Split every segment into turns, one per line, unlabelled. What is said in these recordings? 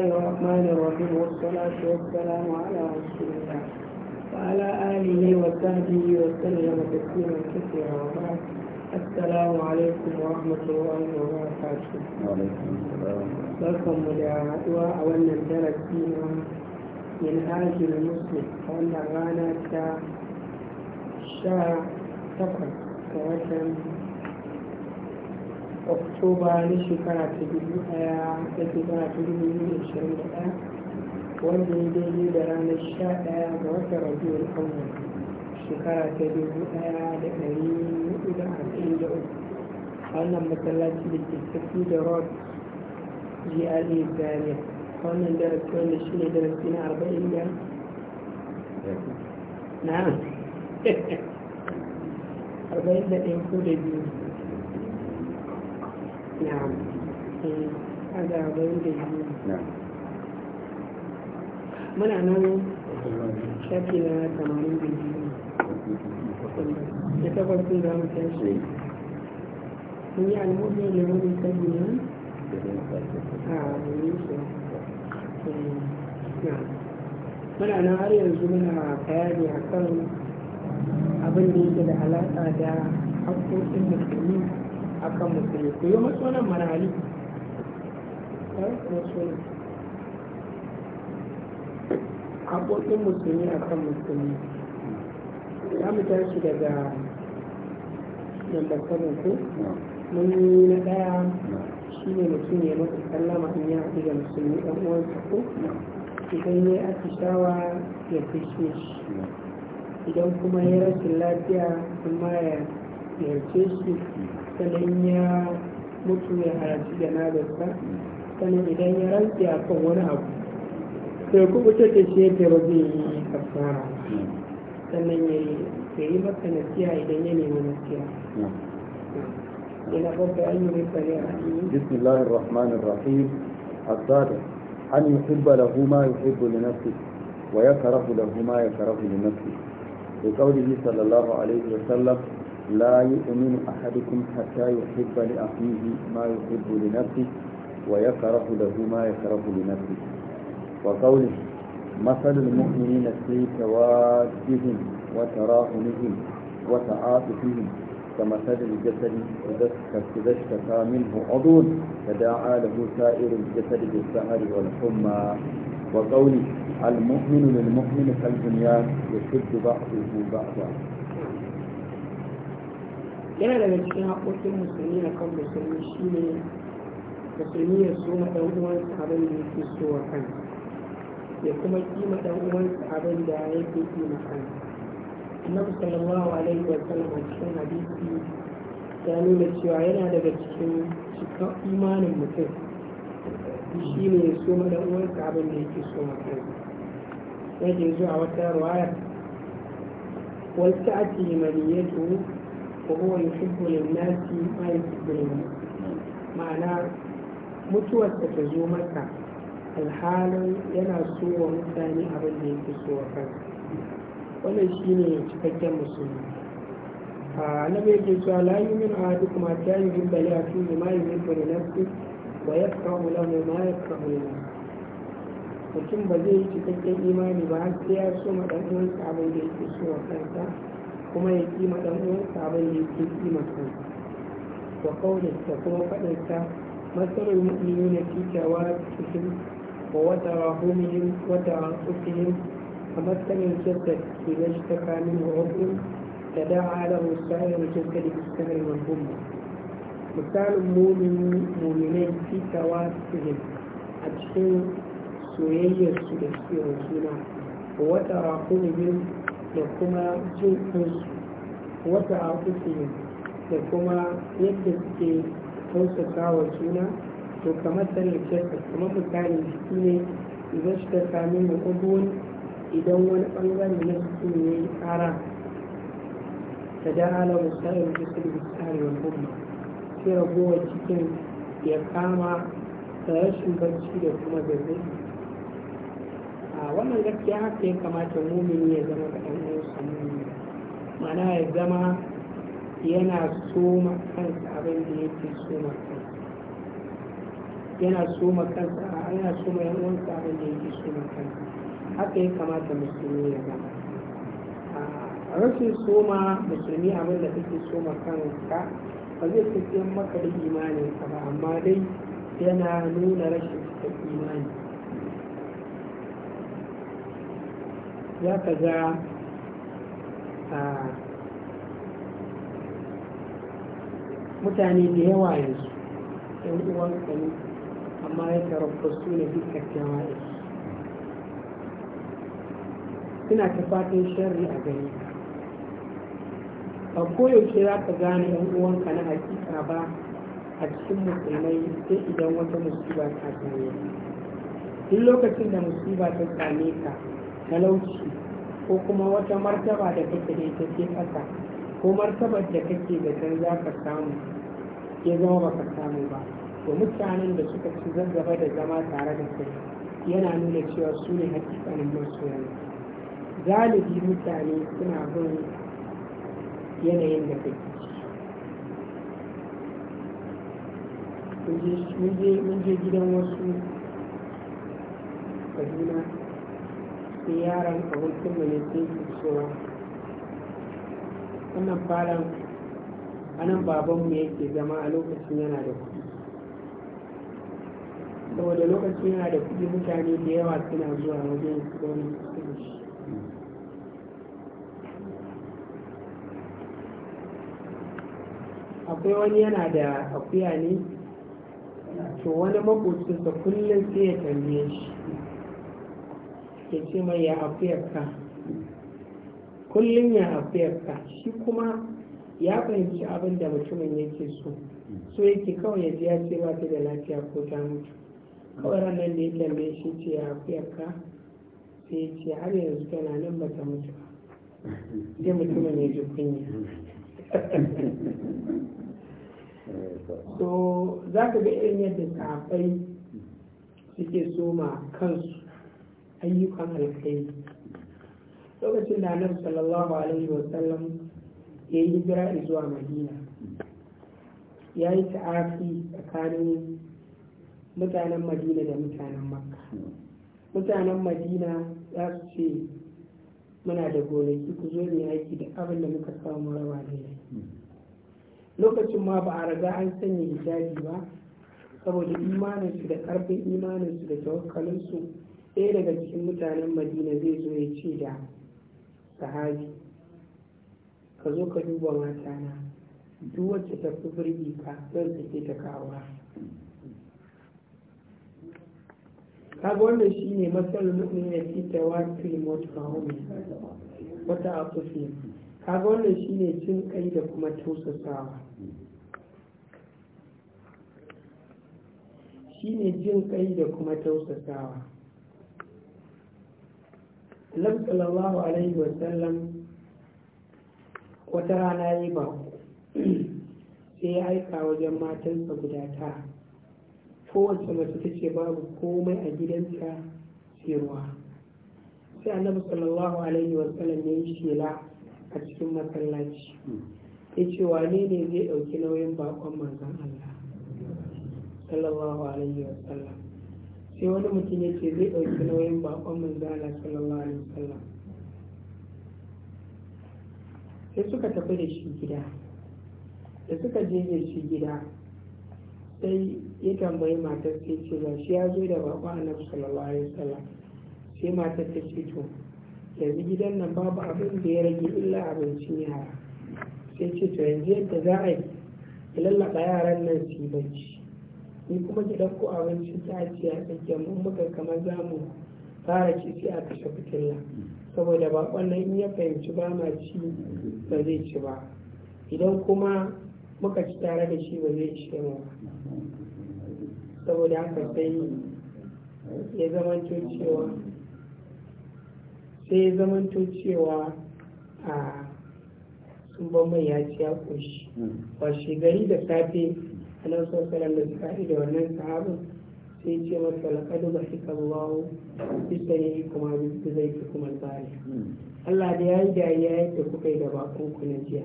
الرحمن الرحيم والصلاة والسلام على رسول الله وعلى آله وصحبه وسلم تسليما كثيرا وبعد السلام عليكم ورحمة الله وبركاته. وعليكم السلام. لكم مدعوة أولا درسينا من آج المسلم وأن غانا شا تقل كوشن oktoba na shekara ta dubu daya da shekara ta dubu biyu da ashirin da daya wanda ya daidai da ranar sha daya ga watan rabiul awwal shekara ta dubu daya da dari hudu da arba'in da uku wannan masallaci da ke tafi da road gra zaria wannan darasi wanda shi ne darasi na arba'in da na'am arba'in da ɗaya ko da biyu نعم هذا غير نعم من أنا شاكنا ثمانين بالجنة يتفق في ذلك الشيء من يعلمون لهم سبيلا آه نعم من أنا har yanzu muna bayani akan abin da yake da alaƙa da haƙƙoƙin musulmi a kan musulmi ku yi matsonan manali hali haƙoƙin musulmi a kan musulmi za mu tashi daga yamma sabon ku. mun yi na ɗaya shi ne mutum ya mutu kallama in ya haɗu da musulmi ɗan uwansa ko idan ya atishawa ya fi shi idan kuma ya rashin lafiya kuma ya yarce shi sannan ya mutu ya halarci da nazarsa sannan idan ya rantsi a kan wani abu sai kuma ta ta ce ta ba zai yi kafara sannan ya yi ka yi masa nasiya idan ya nemi nasiya ina ba ta an yi nasa ne a yi
bismillahir rahmanir rahim azzada an yi hubba da huma ya hubba da nasi wa ya karafu da huma ya karafu da nasi kawai qawlihi sallallahu alaihi wasallam. لا يؤمن أحدكم حتى يحب لأخيه ما يحب لنفسه ويكره له ما يكره لنفسه وقوله مثل المؤمنين في توادهم وتراحمهم وتعاطفهم كمثل الجسد إذا اشتكى منه عضو تداعى له سائر الجسد بالسهر والحمى وقوله المؤمن للمؤمن كالبنيان يشد بعضه بعضا
yana daga cikin haƙoƙin musulmi a kan musulmi shi ne musulmi ya so na ɗan abin da yake so wa kan ya kuma kima ɗan uwansa abin da yake kima kansa annabi sallallahu alaihi wa sallam a cikin hadisi ya nuna cewa yana daga cikin cikin imanin mutum shi ne ya so na ɗan abin da yake so wa kan yake zuwa wata ruwaya wasu ake maniyyatu وهو يحب للناس ما يحب yuhibbu معنى متوى mutuwar ta zo سوى مثاني yana so wa mutane abin da yake so wa kansa wannan shine cikakken musulmi annabi yake cewa la yu'minu ahadukum hatta wa mutum ba zai yi cikakken imani ba har sai ya so ma dan abin da yake so a kanta. kuma ya kima ɗan uwansa abin da yake kima kansa wa kaunin da kuma faɗinsa matsalar mu'minu na fitawa cikin wa wata rahumihim wata rasufihim a matsayin jaddar ke gashi tsakanin wa hukum da da'a da musayar jaddar iskar mahumma misalin mu'minai fitawa cikin a cikin soyayyarsu da suke wa suna wa wata rahumihim da kuma jin kansu wata a da kuma yadda suke tausaka wa juna to kamar sanin shirka kamar misali jiki ne idan shi ta sami mu'udun idan wani bangare na jiki ne ya yi kara ta da ala musayar da tsari wa umma sai ragowar cikin ya kama da rashin barci da kuma zazzabi a wannan gaskiya haka ya kamata mumini ya zama ga ɗan uwansa mumini mana ya zama yana soma kansa abin da yake so kansa yana soma kansa a yana soma yan uwansa abin da yake so kansa haka ya kamata musulmi ya zama a rashin soma musulmi abin da kake soma kansa ba zai tafiyan maka da imanin ka ba amma dai yana nuna rashin cikin imani za ka ga mutane da yawa yanzu yan uwan ne amma ya tarabba su ne dukkan jama'a suna ta fatan shari a gani ba koyaushe za ka gane yan uwanka na hakika ba a cikin musulmai sai idan wata musiba ta same duk lokacin da musiba ta same ka talauci ko kuma wata martaba da kake da ita ce ƙasa ko martabar da kake da can za ka samu ya zama baka samu ba to mutanen da suka ci zazzaba da zama tare da kai yana nuna cewa su ne hakikanin masoyan galibi mutane suna bin yanayin da kake mun je gidan wasu kaduna sai yaran abokin mu su cewa wannan falon anan babanmu yake zama a lokacin yana da kuɗi saboda lokacin yana da kuɗi mutane da yawa suna zuwa wajen su wani shi akwai wani yana da akuya ne to wani makocinsa kullum sai ya tambaye shi ya ce mai ya afiyarka kullum ya afiyarka shi kuma ya fahimci abin da mutumin yake so so yake kawai ya ji ya ce ba ta da lafiya ko ta mutu kawai ranar da ya tambaye shi ce ya afiyarka sai ya ce har yanzu tana nan ba ta mutu ba sai mutumin ya ji kunya so za ka ga irin yadda kafai suke soma kansu ayyukan alkhairi lokacin da annabi sallallahu alaihi wa sallam ya yi hijira zuwa madina ya yi ta'afi tsakanin mutanen madina da mutanen makka mutanen madina za su ce muna da gonaki ku zo ne aiki da abin da muka samu rawa ne lokacin ma ba a raga an sanya hijabi ba saboda imaninsu da karfin imaninsu da tawakkalinsu ɗaya daga cikin mutanen madina zai zo ya ce da sahabi ka zo ka duba matana duk wacce ta fi birgi ka zan ke ta kawo kaga wannan shi ne matsalar mutum ya fi ta wa remote home wata afufi kaga wannan shi ne cin kai da kuma tausasawa shi ne jin kai da kuma tausasawa annabi sallallahu alaihi sallam wata rana yi ba sai ya aika wajen matansa guda ta kowace mace ta ce babu komai a gidanta sai ruwa sai annabi sallallahu alaihi sallam ya yi shela a cikin masallaci ya ce wane ne zai ɗauki nauyin bakon manzon Allah sallallahu alaihi sallam sai wani mutum ya ce zai ɗauki nauyin bakon manzo sallallahu alaihi wasallam sai suka tafi da shi gida da suka je da shi gida sai ya tambayi matar sai ce ba shi ya zo da bakon annabi sallallahu alaihi wasallam sai matar ta ce to yanzu gidan nan babu abin da ya rage illa abincin yara sai ce to yanzu yadda za a yi lallaɓa yaran nan su yi bacci ni kuma ki ɗauko abinci ta ce a tsakiyar mun muka kamar za mu fara ci sai a kashe fitilla saboda bakon wannan in ya fahimci ba ma ci ba zai ci ba idan kuma muka ci tare da shi ba zai ci mu ba saboda haka sai ya zamanto cewa sai ya zamanto cewa a sun ban mai ya ci ya ba shi gari da safe annabi sallallahu alaihi wasallam da wannan sahabin sai ce masa laqad bahika Allah bisani kuma bi zai kuma tsari Allah da yayi da yayi da kuka yi da bakon ku na jiya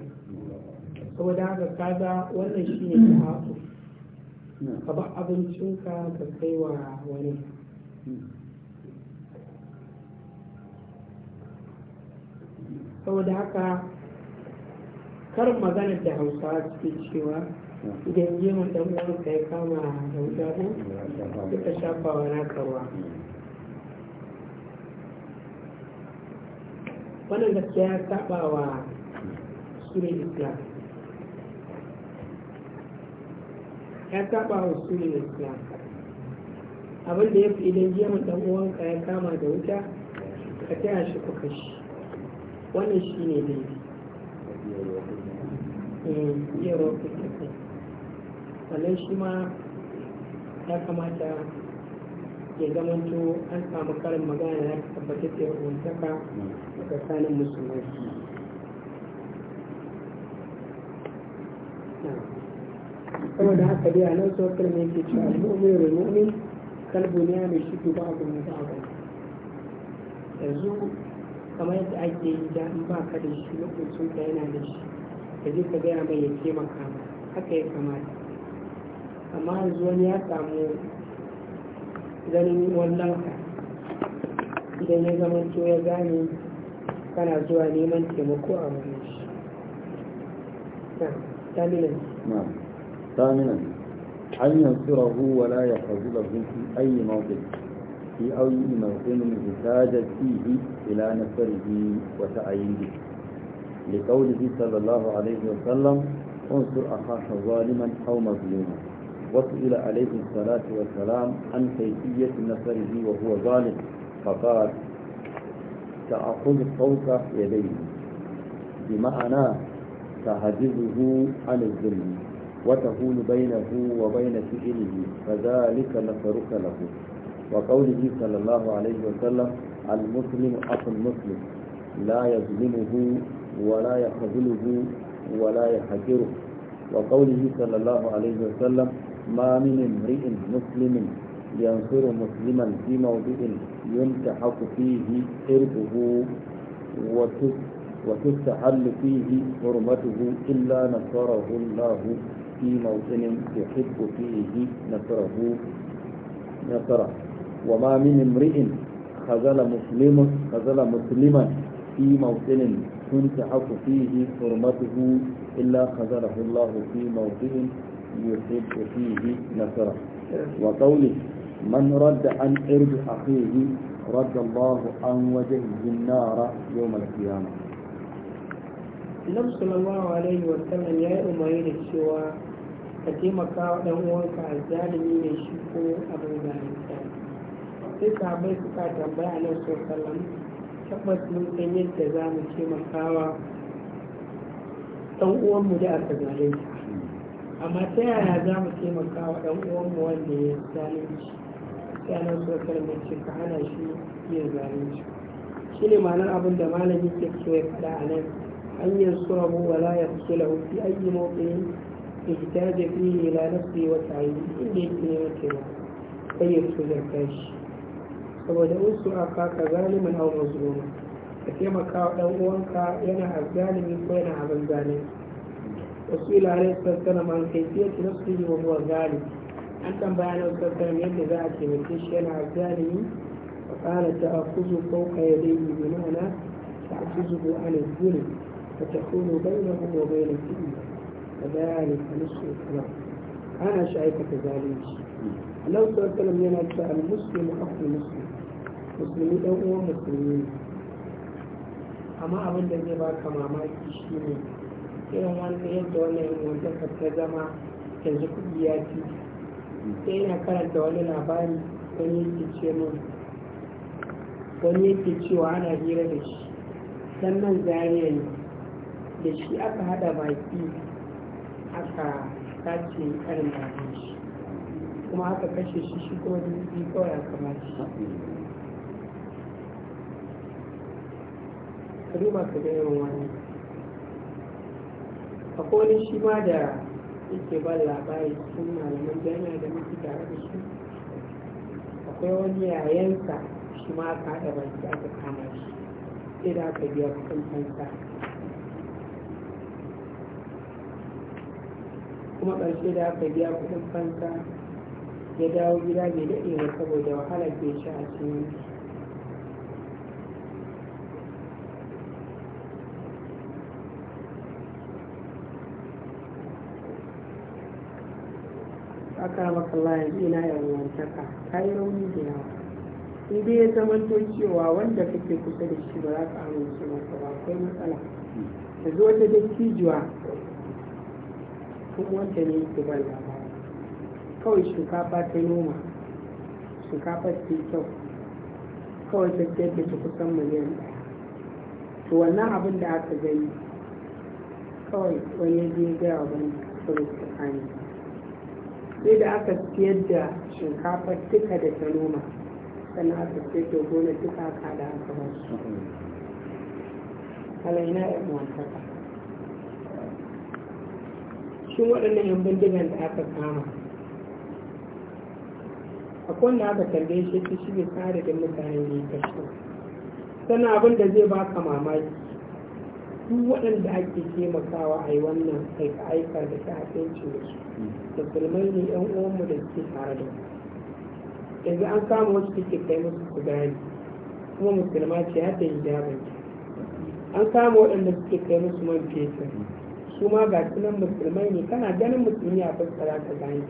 saboda haka kaga wannan shine sahabu ka ba abincinka ka kai wa wani saboda haka karin maganar da hausawa suke cewa idan gemun ɗan ka ya kama da wuta ko suka shafa wa naka ruwa wannan gaskiya ya saba wa sunan islam ya saba wa sunan islam abin da ya fi idan gemun ɗan ka ya kama da wuta ka taya shi ku kashi wannan shi ne daidai eh, iya ruwa kuka sannan shi ma ya kamata ya to an samu karin magana da tabbatar da wantaka a tsakanin musulmai da haka dai a nan kar ne ke cewa al'ummai da mu'min kalbu ne mai shi ba abu ne ba yanzu kamar yadda ake yi da in ba ka da shi lokacin ka yana da shi ka je ka gaya mai ya taimaka haka ya kamata amma yanzu wani ya samu ganin wannan idan ya zama ya gane kana zuwa neman taimako a wani shi na
taminan an yanzu rahu wala ya fazi da hunfi ayi mawajin fi auyi mawajin zuta da fihi ila na sarihi wata ayin ne لقوله صلى الله عليه وسلم انصر اخاك وسئل عليه الصلاة والسلام عن كيفية نصره وهو ظالم فقال تأخذ فوق يديه بمعنى تحجزه عن الظلم وتهول بينه وبين فعله فذلك نصرك له وقوله صلى الله عليه وسلم المسلم أخو المسلم لا يظلمه ولا يخذله ولا يحجره وقوله صلى الله عليه وسلم ما من امرئ مسلم ينصر مسلما في موضع ينتحق فيه إرضه وتستحل فيه حرمته إلا نصره الله في موطن يحب فيه نصره نصره وما من امرئ خذل مسلم خذل مسلما في موطن تنتحق فيه حرمته إلا خذله الله في موطن يحب فيه نصره وقوله من رد عن عرض أخيه رد الله عن وجهه النار يوم القيامة
Annabi sallallahu alaihi wa sallam ya yi umarni da cewa ka taimaka wa dan uwanka a shi ko Sai sahabbai suka tambaya Annabi sallallahu tabbas mun san yadda za mu taimaka wa dan uwanmu da aka zalunta. amma ta yaya za mu taimaka wa ɗan uwanmu wanda ya zalunci sanar sokar mai ka hana shi yin zalunci shi ne ma'anar abin da malami ke so ya faɗa a nan an yi wa wala ya fi lahu fi ayi fi yi la na fi wa yi inda yake neman taimako sai ya so zarta shi saboda in su a ka zalimin hau mazluma ka taimaka wa ɗan uwanka yana azzalimi ko yana abin zalunci rasul alaihi sallam an kaifiyat nafsihi wa huwa zalim an tambaya na sallam yadda za a taimake shi yana zalimi wa qala ta'khudhu fawqa yadayhi bi ma'ana ta'khudhu an al-dhulm fa takunu bainahu wa bain al-dhulm kadhalika nisfu ana shi aikata zalunci Allah sallallahu alaihi yana cewa al musulmi dan uwan musulmi amma abin da zai baka mamaki shine irin wani yadda wannan yanzu ta zama yanzu kudi ya ci sai ina karanta wani labari wani yake ce min wani yake cewa ana hira da shi don nan zariya ne da shi aka hada baki aka sace karin da shi kuma aka kashe shi shi kuma dubu kawai aka mace ka ka da yawan wani akwai shi ma da yake ba labari cikin malaman jami'a da muke tare da shi akwai wani yayansa shi ma aka haɗa shi aka kama shi sai da aka biya kuɗin fansa kuma ƙarshe da aka biya kuɗin fansa ya dawo gida mai daɗewa saboda wahala ke sha a cikin aka maka ina na yawantaka ta yi rauni da yawa in ya zama to cewa wanda kake kusa da shi ba za ka amince masa ba akwai matsala da zo wata dattijuwa kuma wanda ne yake ban labari kawai shinkafa ta noma shinkafa ta kyau kawai ta ce ta kusan miliyan ɗaya to wannan abin da aka gani kawai wani ya je ya gaya wa ban da tsakanin sai da aka siyar da shinkafa duka da ta noma sannan aka siyar da gona duka aka da aka ba su alaina ya mantaka shi waɗannan yan bindigan da aka kama a kwanne aka tambaye shi shi ne tsari da mutane ne ta shi sannan abin da zai baka mamaki duk waɗanda ake taimakawa a yi wannan aika-aika da ta ce da su musulmai ne yan uwanmu da suke tare da yanzu an kama wasu take kai musu su gani kuma musulma ce ya ta hijabin an kama waɗanda suke kai musu man fetur su ma ga sunan musulmai ne kana ganin musulmi a fassara ka gani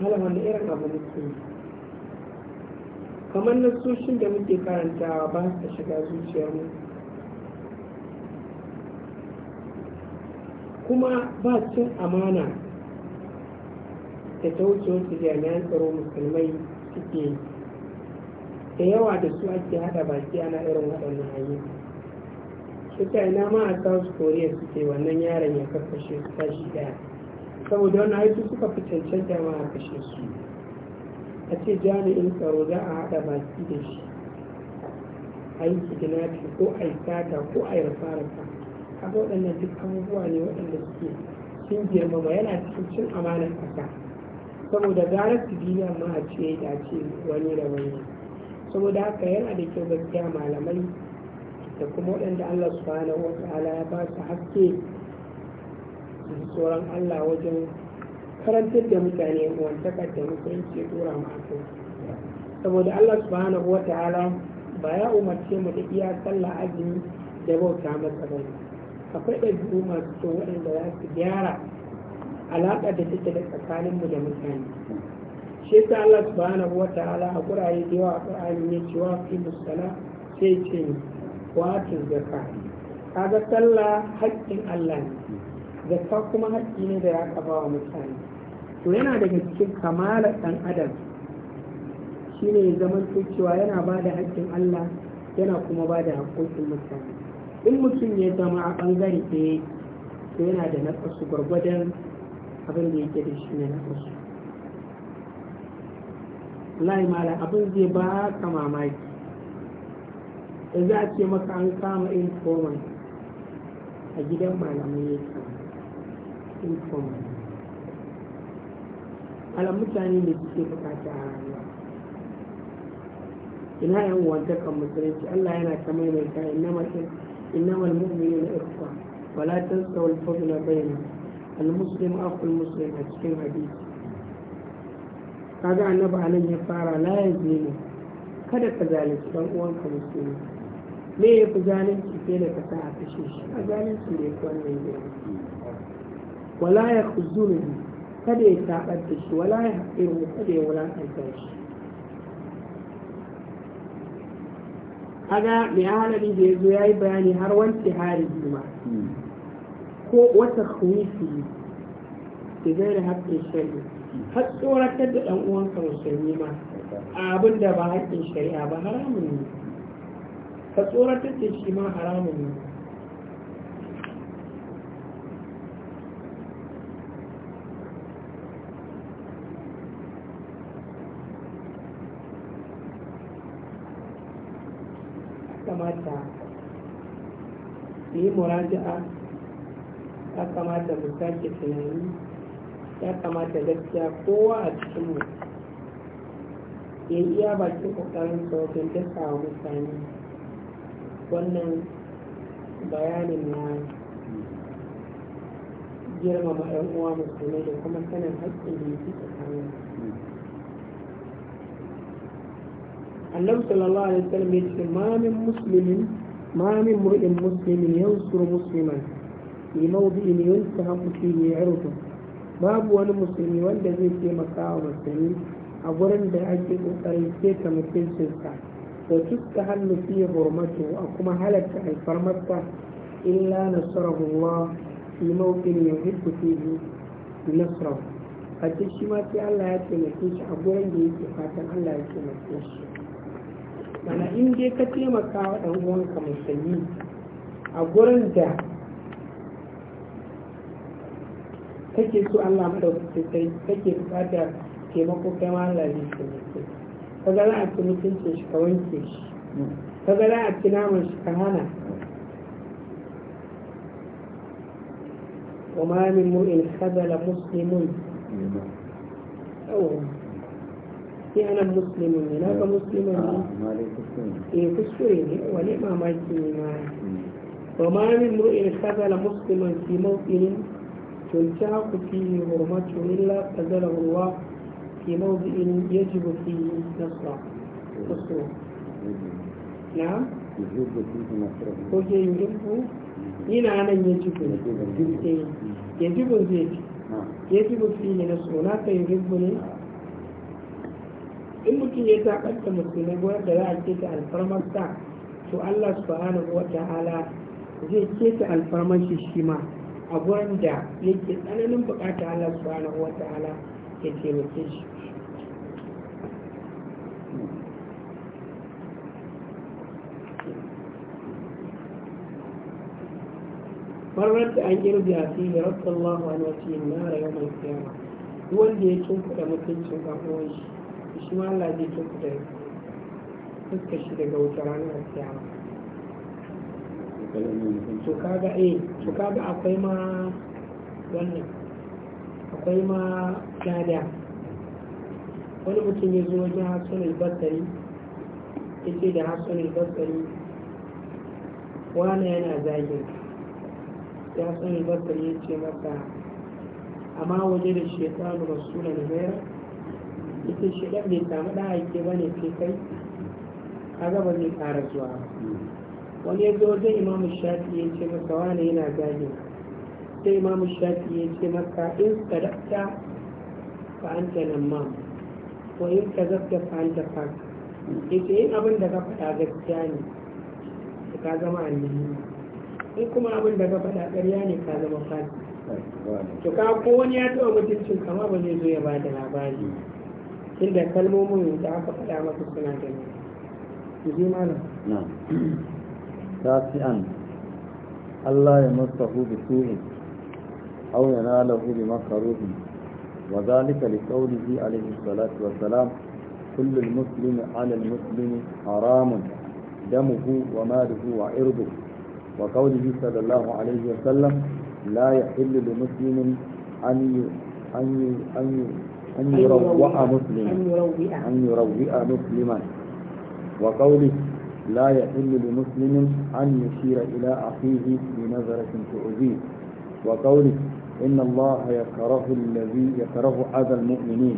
malam wanda irin abu musulmi kamar nasoshin da muke karantawa ba su shiga zuciya mu, kuma ba cin amana da ta wuce wasu jami'an tsaro musulmai suke da yawa da su ake hada baki ana irin waɗannan ayyuka suka ina ma a south korea suke wannan yaron ya kafashe su tashi daya saboda wani haitu suka fi cancanta ma a kashe su a ce jami'in tsaro za a haɗa baki da shi a yi kidnapping ko a yi sata ko a yi rafa-rafa haka waɗannan duk abubuwa ne waɗanda suke sun girmama yana cikin cin amanar kasa saboda gara su biya ma a ce da ce wani da wani saboda haka yana da kyau gaskiya malamai da kuma waɗanda Allah subhanahu wa ta'ala ya ba su haske su tsoron Allah wajen karantar da mutane wantakar da musulunci ya tura masu saboda Allah subhanahu wa ta'ala ba ya umarce mu da iya sallah azumi da bauta masa ba akwai ɗabi'u masu kyau waɗanda za su gyara alaƙa da take da tsakaninmu da mutane shi ta Allah subhanahu wa ta'ala a gurare da yawa a ƙur'ani ne ce fi musala sai ce wa tu zakka kaga sallah haƙƙin Allah ne zakka kuma haƙƙi ne da ya ka ba wa mutane to yana daga cikin kamala dan adam shine zaman zama cewa yana ba da haƙƙin Allah yana kuma ba da haƙƙoƙin mutane in mutum ya zama a ɓangare ɗaya to yana da naƙasu gwargwadon abin da yake da shi ne naƙasu Allah mala abin zai ba ka mamaki da za maka an kama informant a gidan malamai ya kama informant ala mutane ne suke bukata a rayuwa ina yan wantakan musulunci Allah yana ta maimaita innamal innamal mu'minuna ikhwa wala tansaw al-fadl bainahum al-muslim aqul muslim a cikin hadisi kaga annabi anan ya fara la yazlimu kada ka zalunci dan uwanka musulmi me ya fi zalunci sai da ka sa a kashe shi a zalunci ne ko wannan girma wala ya khuzuni مبتدئ تعبدت ولا يحقر مبتدئ ولا تنتج هذا بهالة بيزياي بياني هروان تهاري بيما كو وتخويفي تزيري هبت الشريع حتى وركد أموان كرسل بيما أبن دبعات الشريع بحرام مني فصورة الشريع حرام مني kamata su yi muraja'a ya kamata mu sake tunani ya kamata gaskiya kowa a cikinmu ya yi iya bakin ƙoƙarin sauƙin dasa wa mutane wannan bayanin na girmama 'yan uwa musulmi da kuma sanin haƙƙin da ya fi tsakanin annabi sallallahu alaihi wasallam ya ce ma min muslimin ma min mur'in muslimin yansur musliman fi mawdi'in yuntahaku fihi irdu babu wani musulmi wanda zai taimaka wa musulmi a gurin da ake kokarin keta mutuncinsa da tuska hannu fiye hurmatu a kuma halatta alfarmarsa illa nasarahu Allah fi mawqin yuhibbu fihi nasrahu a shi ma sai Allah ya taimaki shi a gurin da yake fatan Allah ya taimake shi mana in dai ka taimaka wa ɗan uwanka musulmi a gurin da kake so Allah da sai kake bukata taimako kai ma Allah zai taimake ka ga za a ci mutuncin shi ka wanke shi ka ga za a ci naman shi ka hana ma min mu'in خذل مسلم أوه. sai anan musulmi ne na ga musulmi
ne
e kuskure ne wani mamaki ne ma wa ma min ru'in kazala musulman fi mawqinin tunta ku fi hurmatu illa kazala ruwa fi mawqin yajib fi nasra kuskure na ko je yin ku nan yaji ku ne yaji ku ne yaji ku ne na na kai yin ne in mutum ya zaɓar da musulmai gonar da za a ce ta alfarmar sa to Allah subhanahu wa ta'ala zai ce ta alfarmar shi shi ma a gurin da yake tsananin bukata Allah subhanahu wa ta'ala ya taimake shi مرت أن يرجع فيه رضي الله عنه في النار يوم القيامة هو اللي يشوف لما تنشوف shi. shi ma Allah zai kyauta fuskar shi daga wuta ranar kiyama to kaga eh to kaga akwai ma wannan akwai ma lada wani mutum ya zo wajen hassan basari, ya ce da hassan albasari wane yana zagin ya hassan basari ya ce masa amma waje da shekaru rasu da nagara ita shi ɗan bai samu ɗan aike ba ne sai kai kaga ba zai ƙara zuwa wani ya zo zai imamu shafi ya ce maka wani yana zagin sai imamu shafi ya ce maka in ka fa anta nan ma Ko in kazabta fa anta Ya ce yin abin da ka faɗa gaskiya ne ka zama annabi in kuma abin da ka faɗa ƙarya ne ka zama fasi to ka ko wani ya taɓa mutuncin kama ba zai zo ya ba da labari inda kalmomin da aka faɗa masa suna da ne ku ji na
tafi'an Allah ya masahu bi su'in aw yanalahu bi makruhin wa zalika li qawlihi alayhi salatu wa salam kullu muslimi 'ala al-muslimi haramun دمه وماله وعرضه وقوله صلى الله عليه وسلم لا يحل لمسلم أن يروع مسلما أن يروع مسلما وقوله لا يحل لمسلم أن يشير إلى أخيه بنظرة تؤذيه وقوله إن الله يكره الذي يكره أذى المؤمنين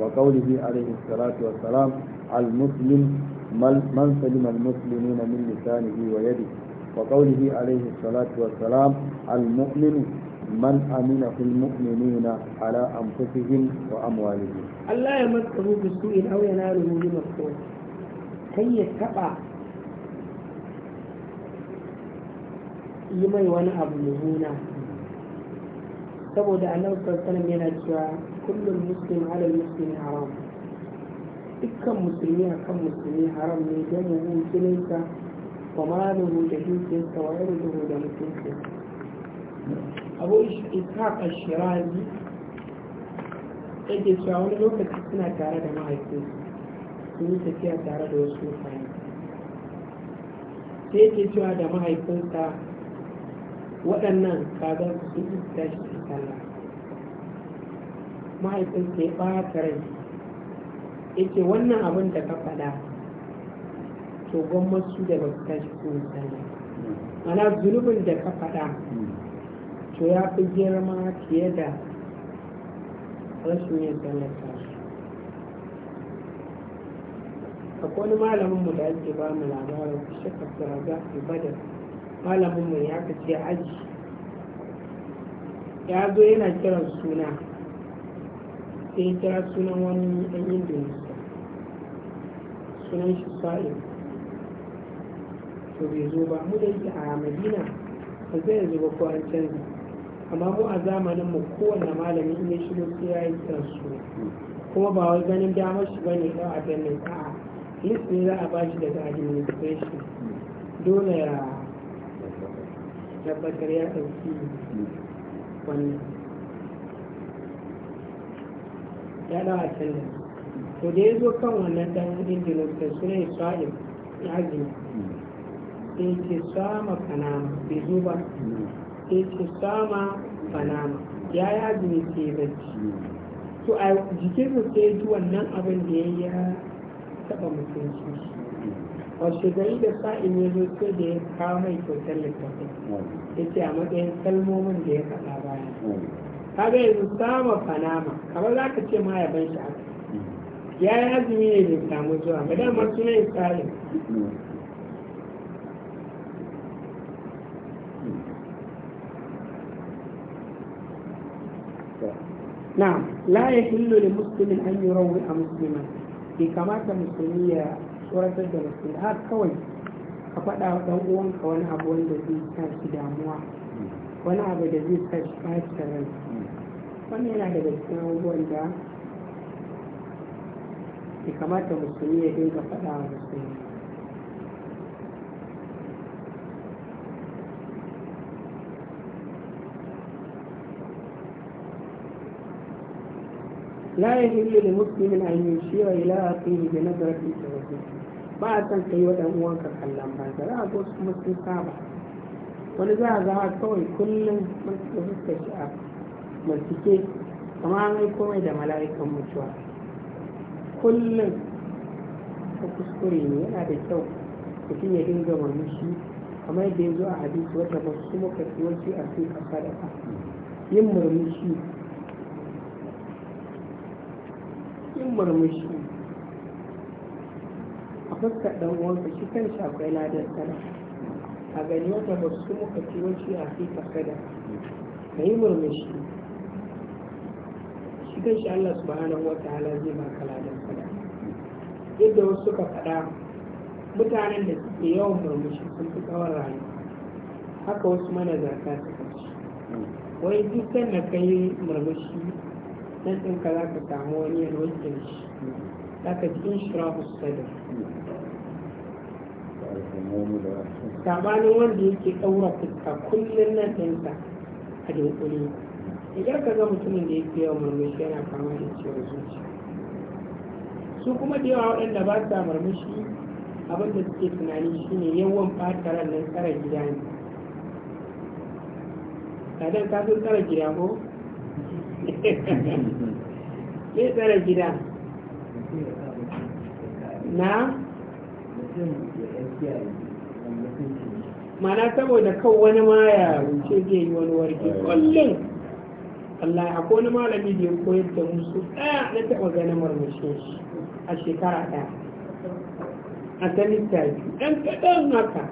وقوله عليه الصلاة والسلام المسلم من سلم المسلمون من لسانه ويده وقوله عليه الصلاة والسلام المؤمن man amina fil mu'minina ala anfusihim wa amwalihim
Allah ya matsaru in su'in na ruhu min maqsud kai ya taba yi mai wani abu mummuna saboda annabi sallallahu alaihi yana cewa kullum muslim ala muslim haram dukkan musulmi akan musulmi haram ne da mu jininsa wa maluhu da dukiyarsa wa yarduhu da mutuncinsa abu ishaq al-shirazi yake cewa wani lokaci suna tare da mahaifinsu su yi tafiya tare da wasu mutane sai yake cewa da mahaifinsa waɗannan kaga su sun yi tashi su sallah mahaifinsa ya ɓata rai yake wannan abin da ka faɗa to gwamnati da ba su tashi su sallah ana zunubin da ka faɗa to ya fi girma fiye da rashin yin sallar a akwai wani malamin mu da ake ba mu labarin ku shi kafin za su bada malamin mu ya ce aji ya zo yana kiran suna sai kira sunan wani ɗan indonesia sunan shi sa'il to bai zo ba mu da a madina ba zai zo ba ko an canza amma mu a zamanin mu kowane malami in ya shigo sai ya yi su kuma ba wai ganin damar shi ne ɗau a ganin a list ne za a ba shi daga administration dole ya tabbatar ya ɗauki wannan ya ɗau a can da to da ya zo kan wannan ɗan indinostar suna isra'il ya zina sai ke sama kana bai zo ba sai su sama fanama ya yi azumi ke bacci to a jikinsa sai ji wannan abin da ya yi mutum mutunci a gari da sa'in ya zo sai da ya kawo mai kyautar littafin ya ce a matsayin kalmomin da ya faɗa baya kaga yanzu sama fanama kamar za ka ce ma ya ban shi ya yi azumi ne da samu zuwa ba dama suna yi tsarin na'am la yahillu li muslimin an yurawwi a musliman bai kamata musulmi ya tsoratar da musulmi har kawai ka faɗa wa ɗan wani abu wanda zai sa damuwa wani abu da zai sa shi ɓacin rai wannan yana daga cikin abubuwan da bai kamata musulmi ya dinga faɗa wa musulmi la yahillu li muslimin an yushiya ila akhihi bi nazarati tawfiq ba a san kai wa dan uwanka kallon banza za a go su kuma sun wani za a zama kawai kullum mun da fuska a mulkike kama an aiko mai da mala'ikan mutuwa kullum ta kuskure ne yana da kyau mutum ya dinga murmushi kamar da ya zo a hadisi wata ba su muka wasu a cikin kasa da yin murmushi cikin murmushi a fuskar ɗan uwansa shi kan shakwai ladar sana a gani wata ba su muka ci wacce a fi kasada ka yi murmushi shi kan shi Allah subhanahu wa ta'ala zai ba ka ladar sana yadda wasu suka faɗa mutanen da suke yawan murmushi sun fi tsawon rayu haka wasu mana zarka suka ci wai duk sannan kai murmushi nan ɗin ka za ka samu wani yankin shi za ka ji inshirahu sadar
sabanin wanda
yake ɗaura fuska kullum na ɗinsa a dunkule idan ka ga mutumin da yake yawan murmushi yana kama da ciwon zuciya su kuma da yawa waɗanda ba sa murmushi abin da suke tunani shine yawan ɓata ran nan tsara gida ne kadan ka sun tsara gida ko tsara gida na mana saboda kan wani ma ya rushe zai yi wani warke kullum Allah akwai wani malami da ya koyar da musu ɗaya na taɓa ganin marmashin shi a shekara ɗaya a ta ɗan kaɗan maka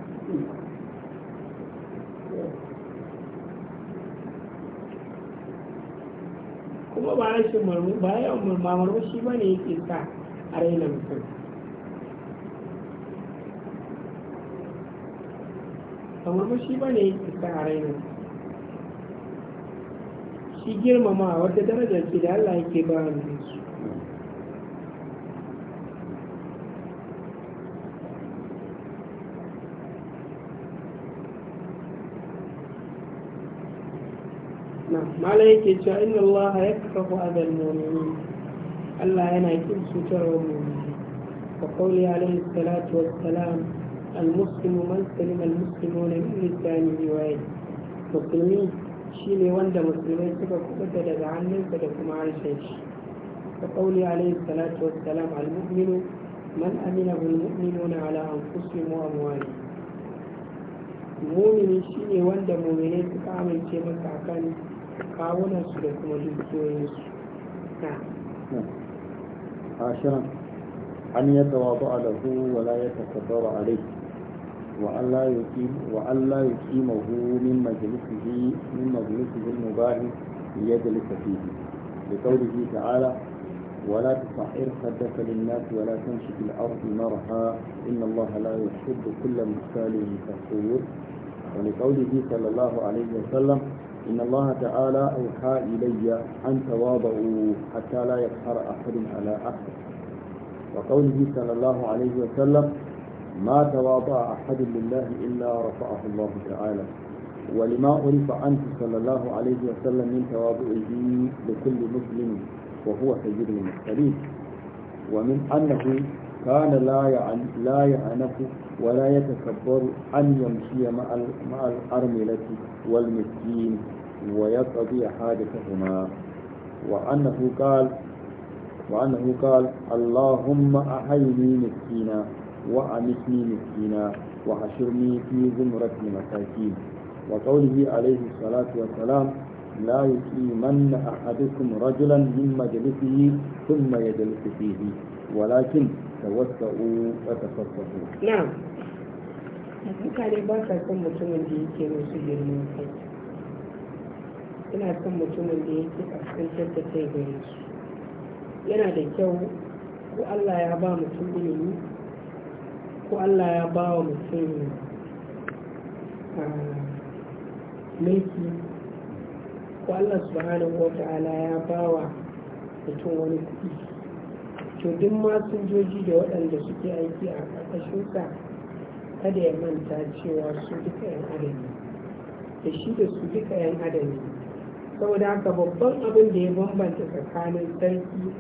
kuma ba rashin marmu ba yawan marmashi ba ne yake sa a raina mutum marmashi ba ne yake sa a raina shi girmama wata darajar ce da Allah yake ba mu su malai yake cewa inna allaha yakfahu adal mu'minin Allah yana kin cutarwa mu'mini wa qawli alayhi salatu wassalam المسلم من سلم المسلمون من لسانه ويده musulmi shine wanda musulmai suka kubuta daga hannunsa da kuma harshen shi ka kauli alaihi salatu wassalam almu'minu man amina bil mu'minuna ala anfusihim wa amwali mu'mini shine wanda mu'minai suka amince masa akan kawunan
عاشرا أن يتواضع له ولا يتكبر عليه وأن لا يقيم وأن لا يقيمه من مجلسه من مجلسه المباح ليجلس فيه لقوله تعالى ولا تصحر خدك للناس ولا تمشي في الأرض مرحا إن الله لا يحب كل مختال فخور ولقوله صلى الله عليه وسلم إن الله تعالى أوحى إلي أن تواضعوا حتى لا يبحر أحد على أحد وقوله صلى الله عليه وسلم ما تواضع أحد لله إلا رفعه الله تعالى ولما عرف عنه صلى الله عليه وسلم من تواضعه لكل مسلم وهو سيد المرسلين ومن أنه كان لا لا يعنف ولا يتكبر أن يمشي مع مع الأرملة والمسكين ويقضي حاجتهما وأنه قال وأنه قال اللهم أحيني مسكينا وأمتني مسكينا وحشرني في زمرة المساكين وقوله عليه الصلاة والسلام لا يقيمن أحدكم رجلا من مجلسه ثم يجلس فيه ولكن tawassa'u wa tafassahu
na'am mutane ba sa son mutumin da yake musu girman kai ina son mutumin da yake a da kai gare shi yana da kyau ko Allah ya ba mutum ilimi ko Allah ya ba wa mutum ah, mulki ko Allah subhanahu wa ta'ala ya ba wa mutum wani kuɗi to duk joji da waɗanda suke aiki a ƙarƙashinsa kada ya manta cewa su duka 'yan adami da shi da su duka 'yan adami saboda haka babban abin da ya bambanta tsakanin sarki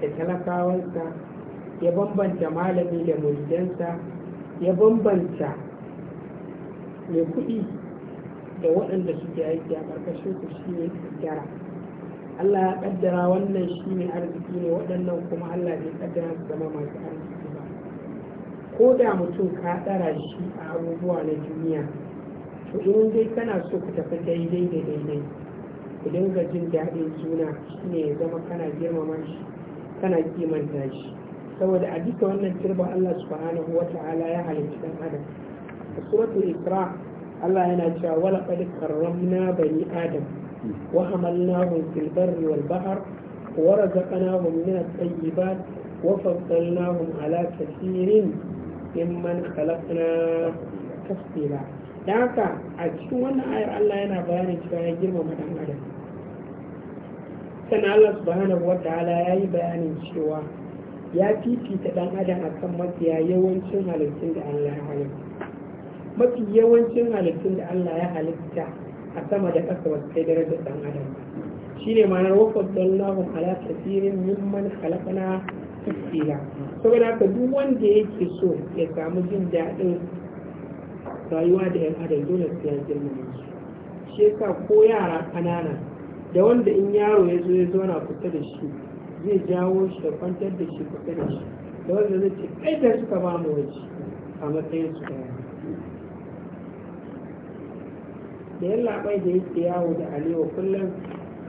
da talakawansa ya bambanta malami da muridansa ya bambanta mai kuɗi da waɗanda suke aiki a ƙarƙashinsa shi ne kaddara Allah ya kaddara wannan shi ne arziki ne waɗannan kuma Allah bai kaddara su zama masu arziki ba ko da mutum ka ɗara shi a abubuwa na duniya to in dai kana so ku tafi daidai da daidai ku dinga jin daɗin juna shi ne ya zama kana girmama shi kana kimanta shi saboda a duka wannan turba Allah subhanahu wa ta'ala ya halarci ɗan adam a suratul isra Allah yana cewa wala qad karramna bani adam وحملناهم في البر والبحر ورزقناهم من الطيبات وفضلناهم على كثير ممن خلقنا تفصيلا da haka a cikin wannan ayar Allah yana bayani cewa ya girmama dan adam sannan Allah subhanahu wataala ya yi bayanin cewa ya fifita ɗan adam akan mafiya halittun da Allah ya halitta mafi yawancin halittun da Allah ya halitta a sama da kasa wasu kai darajar ɗan adam shi ne ma'anar wakon don lahun ala tasirin mimman halakana tafsira saboda haka duk wanda yake so ya samu jin daɗin rayuwa da yan adam dole su yan girmama su shi yasa ko yara ƙanana da wanda in yaro ya zo ya zauna kusa da shi zai jawo shi da kwantar da shi kusa da shi da wanda zai ce kai da suka ba mu waje a matsayin su ɗaya da yalla bai da yake yawo da aliyu kullum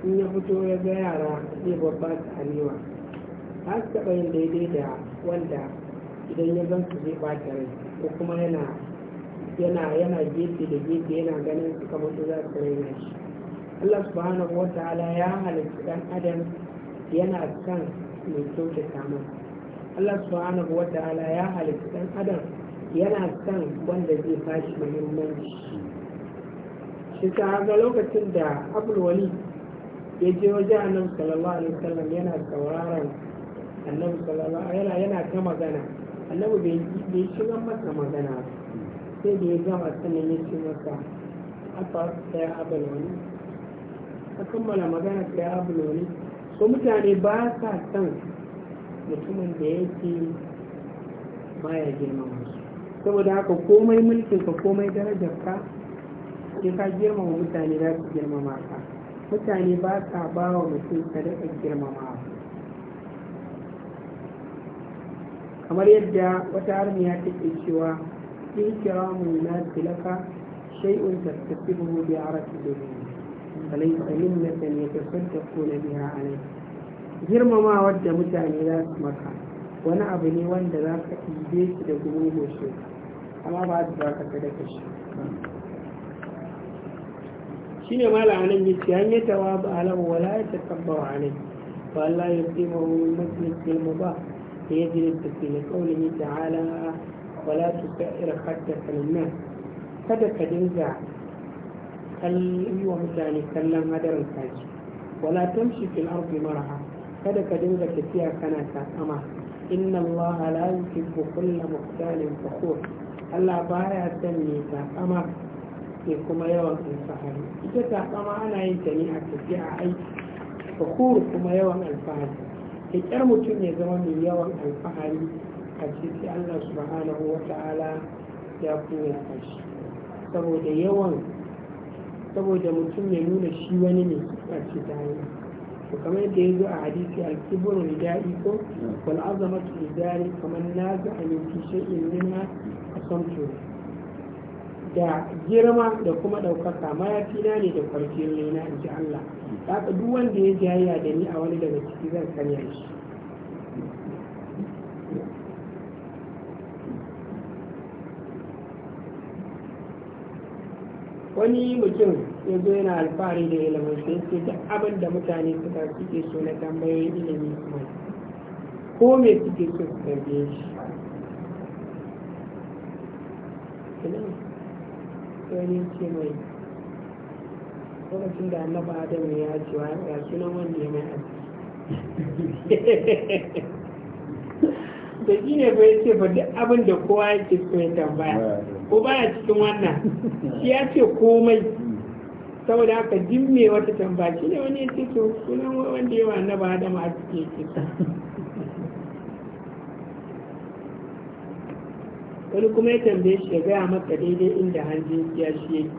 in ya fito ya ga yara zai babba su alewa su taɓa yin daidai da wanda idan ya zan su zai ɓata rai ko kuma yana yana yana gefe da gefe yana ganin su kamar su za su raina shi Allah subhanahu wata ala ya halitta dan adam yana kan mai kyautata masa Allah subhanahu wata ala ya halitta dan adam yana kan wanda zai fashi muhimmanci shi ta haga lokacin da abulwali ya je a annabi sallallahu alaihi wasallam yana sauraron annabi sallallahu yana yana ta magana annabi bai bai shiga masa magana sai da ya gama sannan ya ce masa afa ya abulwali a kammala magana ta ya abulwali so mutane ba sa son mutumin da yake baya girma wasu? saboda haka komai mulkinka komai darajarka in ka girmama mutane za su girmama ka mutane ba ka ba wa mutum sadakar girmama kamar yadda wata harmiya take cewa in mun na tilaka shay'un tattasibuhu bi arafi dunya فليس منة يتصدقون بها عليه girmama wadda mutane za su maka wani abu ne wanda za ka ɗibe shi da gurin goshe amma ba su za ka sadaka shi shi ne mala a ce yace an yi tawa ba alamu wala ya takabba wa alai ba Allah ya fi ma wani mafi filmu ba da ya jiri da fi ne kaulihi ta'ala wala tu sa'ira hatta kalinnan kada ka dinga yi wa mutane kallon hadarin kaji wala tamshi fil ardi maraha kada ka dinga tafiya kana takama inna Allah la yuhibbu kulla muhtalin fakhur Allah baya son ne takama ke kuma yawan alfahari ita ta kama ana yin ta ne a tafiya a aiki kuru kuma yawan alfahari da kyar mutum ya zama mai yawan alfahari a cikin allah subhanahu wa ta'ala ya kuya shi saboda yawan saboda mutum ya nuna shi wani ne a cikin hanyar وكما يجوز أحاديث الكبر ردائكم والعظمة kamar فمن نازع من in شيء a أصمته da girma da kuma ɗaukaka mayafina ne da kwarfiyar ne na ji Allah ka duk wanda ya jayya da ni a wani daga ciki zan sanya shi wani mutum ya zo yana alfahari da ilimin sai ce da abin da mutane suka suke so na tambayoyin ilimin kuma ko me suke so su tambaye shi sai ne ce mai lokacin da annaba adam ya ce wa ya sunan wanda ya mai arziki da shi ne ko ce ba duk abin da kowa yake so ya tambaya ko baya cikin wannan shi ya ce komai saboda haka jimme wata tambaya shi ne wani ya ce to sunan wanda ya wa annaba adam arziki yake wani kuma ya tambaye shi ya gaya maka daidai inda hanjin ya shi yake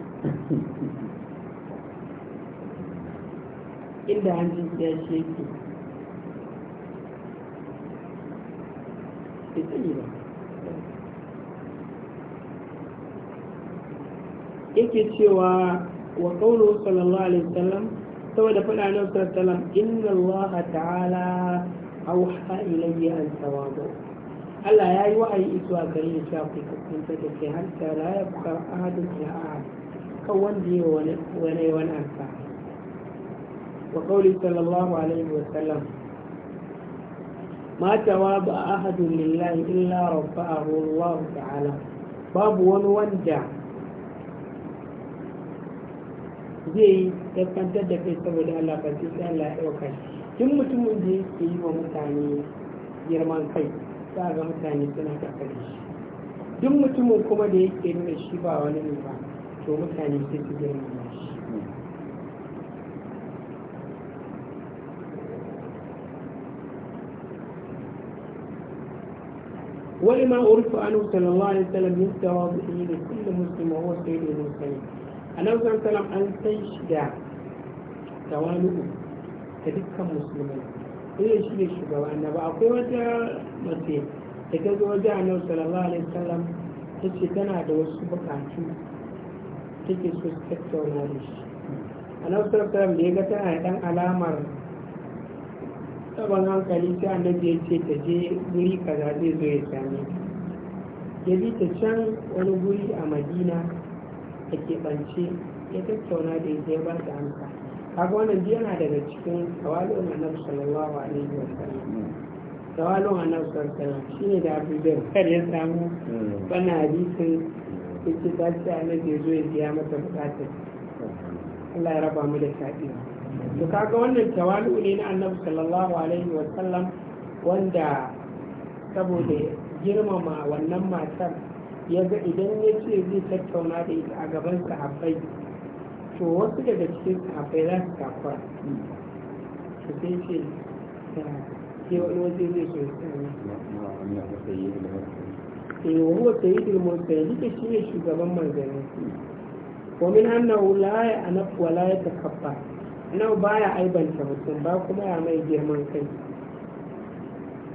inda hanjin ya shi yake yake cewa wa kawo sallallahu alaihi wasallam saboda faɗa na sallallahu alaihi wasallam inna allaha ta'ala auha ilayya an tawadu Allah ya yi wa'ayi zuwa gare ni cewa kai ta da ke hanta la ya buka ahadun ila ahad kan wanda yi wani wani hanta. wa qawli sallallahu alaihi wa sallam ma tawaba ahadun lillahi illa a ruwa ta'ala babu wani wanda zai yi tabbatar da kai saboda Allah ba sai Allah ya ɗauka shi tun mutumin da yake yi wa mutane girman kai za ga mutane suna kakar shi duk mutumin kuma da yake nuna shi ba wani ne ba to mutane sai su girma shi ولما عرف عنه صلى الله عليه وسلم من تواضعه لكل مسلم وهو سيد المسلمين annabi sallallahu alaihi wasallam an san shi da tawali'u ta dukkan musulmai zai shi ne shugaba na ba akwai wata mace da ta zo wajen annabi sallallahu alaihi wasallam ta ce tana da wasu bukatu take so su tattauna da shi annabi sallallahu alaihi wasallam da ya ga tana da dan alamar taban hankali sai annabi ya ce ta je guri kaza zai zo ya same ta ya bi ta can wani guri a madina da ke ɓance ya tattauna da ita ya ba ta amsa kaga wannan biyu yana daga cikin tawalon annabi sallallahu alaihi wa sallam tawalon annabi sallallahu alaihi shine da abu da kar ya samu bana hmm. hadisin yake ta ce annabi ya zo ya biya mata bukata Allah ya raba mu da shaɗi to kaga wannan tawalu ne na annabi sallallahu alaihi wa sallam wanda saboda girmama wannan matar ya ga idan ya ce zai tattauna da ita a gaban sahabbai to wasu daga cikin sahabbai za su kafa su sai ce ke wani waje zai so ya
sami
e eh, huwa sayyidul mursalin da shi ne shugaban manzanni wa min annahu la ya anaf wa la ya takaffa nau baya aibanta mutum ba kuma ya mai girman kai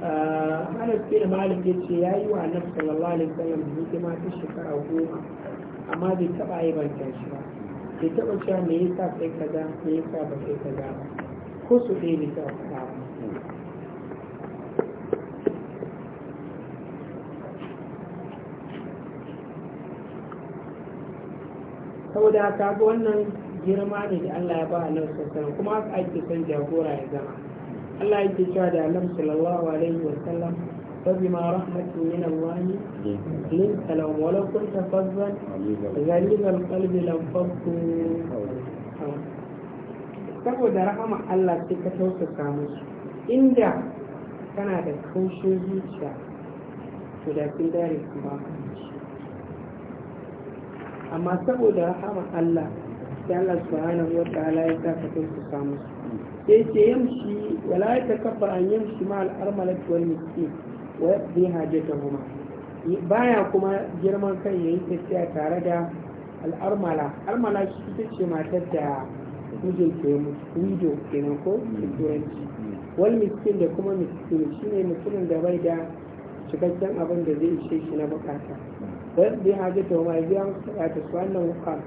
ah, Anas bin Malik ya ce ya yi wa Annabi sallallahu alaihi wasallam hidima ta shekara goma amma bai taɓa aibanta shi ba bai taɓa cewa me yasa kai kaza me yasa ba kai kaza ba ko su ɗaya bai taɓa faɗa ba saboda haka ga wannan girma ne da Allah ya ba a nan sosai kuma aka ake son jagora ya zama Allah ya ke cewa da Alam sallallahu alaihi wa sallam فبما رحمة من الله لنت لهم ولو كنت فظا غليظ القلب لانفضوا saboda rahama Allah sai ka tausasa musu inda kana da kaushin zuciya to da sun dare su ba amma saboda rahama Allah sai Allah subhanahu wa ta'ala ya sa ka musu sai ce yamshi wala ya takabba an yamshi ma al'armalat wal miskin ويقضي حاجتهما baya kuma girman kai yayi tafiya tare da al'armala armala ita ce matar da mijin ke wido kenan ko mm. turanci wal miskin da kuma miskin shi ne mutumin da bai da cikakken abin da zai ishe shi na bukata mm. wai bi hajjata wa mai biya musu bukata su wannan wuka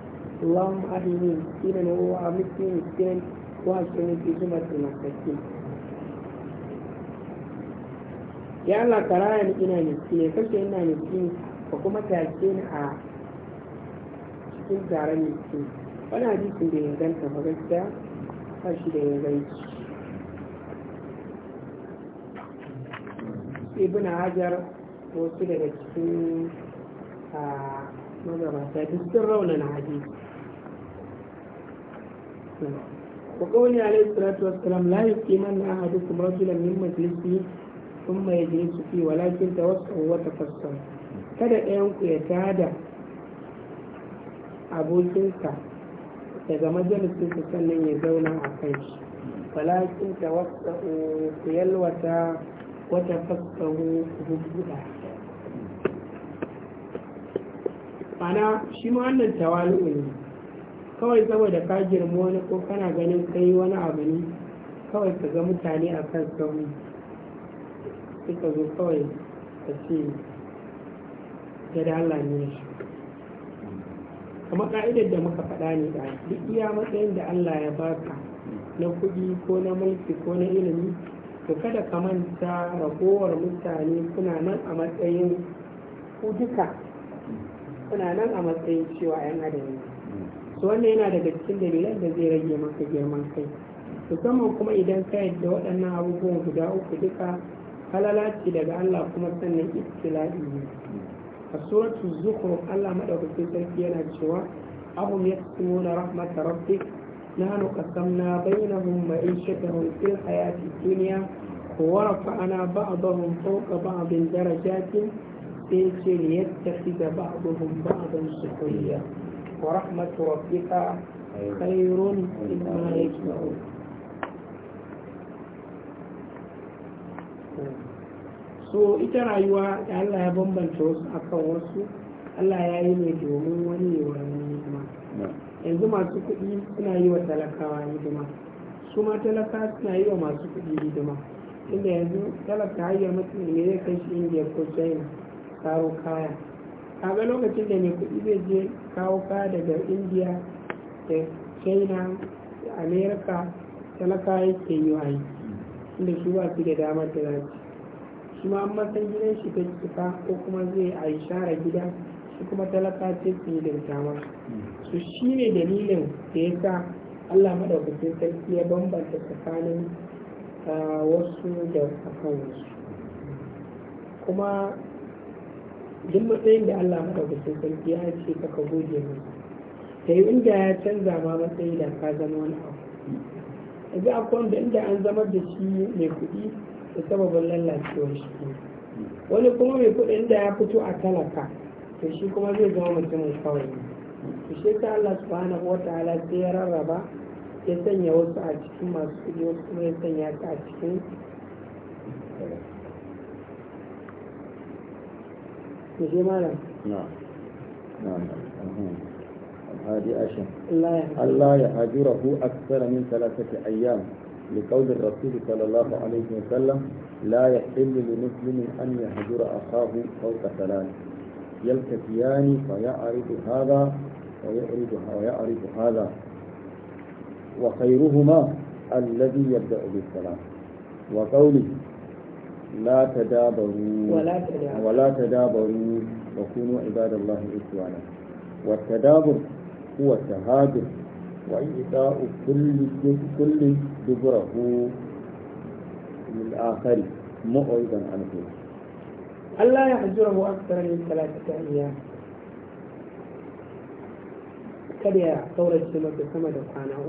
Allahumma ahini miskinan wa amsini miskinan wa asini fi zumatil masakin ya Allah ka raya ni ina miskini kake ina miskini ka kuma tashe ni a cikin taron miskini wani hadisin da inganta ba gaskiya ba shi da inganci ibn hajar wasu daga cikin a magabata duk sun raunana hadisi وقولي عليه الصلاة والسلام لا يقيمن أحدكم رجلا من مجلسه mai jini ثم يجلس wasu ولكن wata fasta kada ɗayan ku ya tada abokinsa daga su sannan ya zauna a kai shi walakin ta ku yalwata wata fassahu bubuɗa ana shi ma wannan tawali'u ne kawai saboda ka girma wani ko kana ganin kai wani abu ne kawai ka ga mutane a kan sauri sai ka zo kawai ka da shi ka'idar da muka faɗa ne da duk iya matsayin da Allah ya baka na kuɗi ko na mulki ko na ilimi to kada ka manta ragowar mutane kuna nan a matsayin nan a matsayin cewa 'yan adam su wannan yana daga cikin dalilan da zai rage maka girman kai musamman kuma idan ka yadda waɗannan abubuwan guda uku duka falala ce daga Allah kuma sannan ibtila'i ne a suratul zukhruf Allah madaukakin sarki yana cewa ahum yaqsimuna rahmatar rabbik nahnu qasamna bainahum ma'ishatahum fil hayati dunya wa rafa'na ba'dahum fawqa ba'din darajatin sai ce liyattakhidha ba'dahum ba'dan sukhriya wa rahmatu rabbika khairun mimma yajma'un so ita rayuwa da Allah ya bambanta wasu akan wasu Allah ya yi mai domin wani ne wani hidima yanzu masu kuɗi suna yi wa talakawa hidima su ma talaka suna yi wa masu kuɗi hidima inda yanzu talaka hanyar mutum ne ya kai shi indiya ko china karo kaya kaga lokacin da mai kuɗi zai je kawo kaya daga indiya da china da america talaka yake yi wa aiki inda shi ba su da damar da zaci. shi ma amma san gidan shi ta cika ko kuma zai a yi share gida shi kuma talaka ce su yi dama su mm. shi ne dalilin da ya sa allah maɗaukacin sarki ya bambanta tsakanin ah, wasu da akan wasu kuma duk matsayin da allah maɗaukacin sarki ya ce ka goge mai da yi inda ya canza ma matsayi da ka zama wani abu ga akwai wanda inda an zama da shi mai kuɗi da sababin lalacewar shi wani kuma mai kuɗin da ya fito a talaka to shi kuma zai zama mutumin kawai to shi ta Allah subhanahu wataala sai ya rarraba ya sanya wasu a cikin masu kuɗi wasu kuma ya sanya ta a cikin Muje malam.
Na. Na. هذه عشر ألا يهاجره أكثر من ثلاثة أيام لقول الرسول صلى الله عليه وسلم لا يحل لمسلم أن يهجر أخاه فوق ثلاث يلتقيان فيعرض هذا ويعرض ويعرض هذا وخيرهما الذي يبدأ بالسلام وقوله لا تدابروا ولا تدابروا, ولا تدابروا وكونوا عباد الله إخوانا والتدابر هو تهادف وإيتاء كل كل دبره للآخر موعظا عنه
ألا يحجره أكثر من ثلاثة أيام كبير قول السماء بحمد سبحانه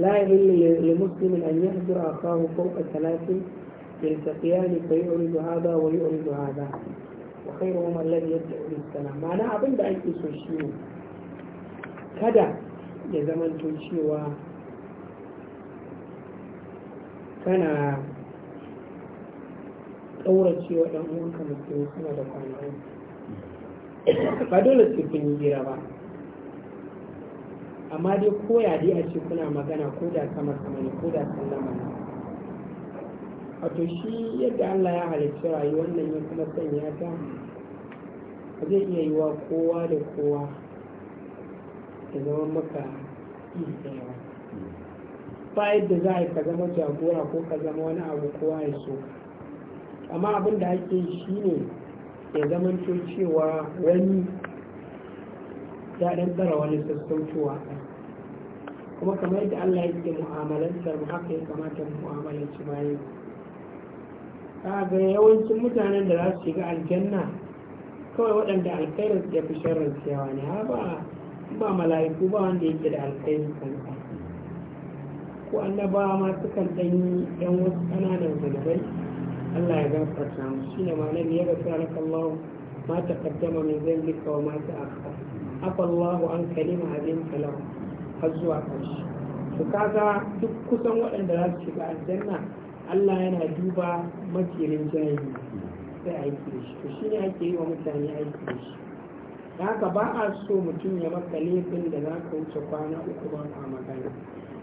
لا يحل لمسلم أن يحجر أخاه فوق ثلاث يلتقيان فيعرض هذا ويعرض هذا wa khairuhum alladhi yadda bil salam abin da ake so shi ne kada ya zamanto cewa kana ɗaura cewa ɗan uwanka musulmi suna da kwanaki ba dole sai kun yi gira ba amma dai koya dai a ce kuna magana ko da sama sama ne ko da sallama ne wato shi yadda Allah ya halitta rayuwar nan ya kuma sanya ta zai iya yi wa kowa da kowa da zama maka ɗaya ba yadda za a ka zama jagora ko ka zama wani abu kowa ya so amma abin da ake yi shi ne ya zama cewa wani ya ɗan tsara wani sassaucewa kuma kamar yadda Allah ya ke mu'amalantar haka ya kamata mu bayan ga yawancin mutanen da za su shiga aljanna kawai waɗanda alkhairar ya fi sharar cewa ne ha ba ba mala'iku ba wanda yake da alkhairi kansa ko annabawa ma sukan ɗan yi ɗan wasu ƙananan zunubai Allah ya gafarta mu ne ma nan ya gafarta laka Allah ma taqaddama min dhanbika wa ma ta'akhkhara aka Allah an kalima azim kalam har zuwa ƙarshe to kaga duk kusan waɗanda za su shiga aljanna Allah yana duba makirin jahili sai aiki da shi to shi ne ake yi wa mutane aiki da shi da haka ba a so mutum ya maka laifin da za ka wuce kwana uku ba a magana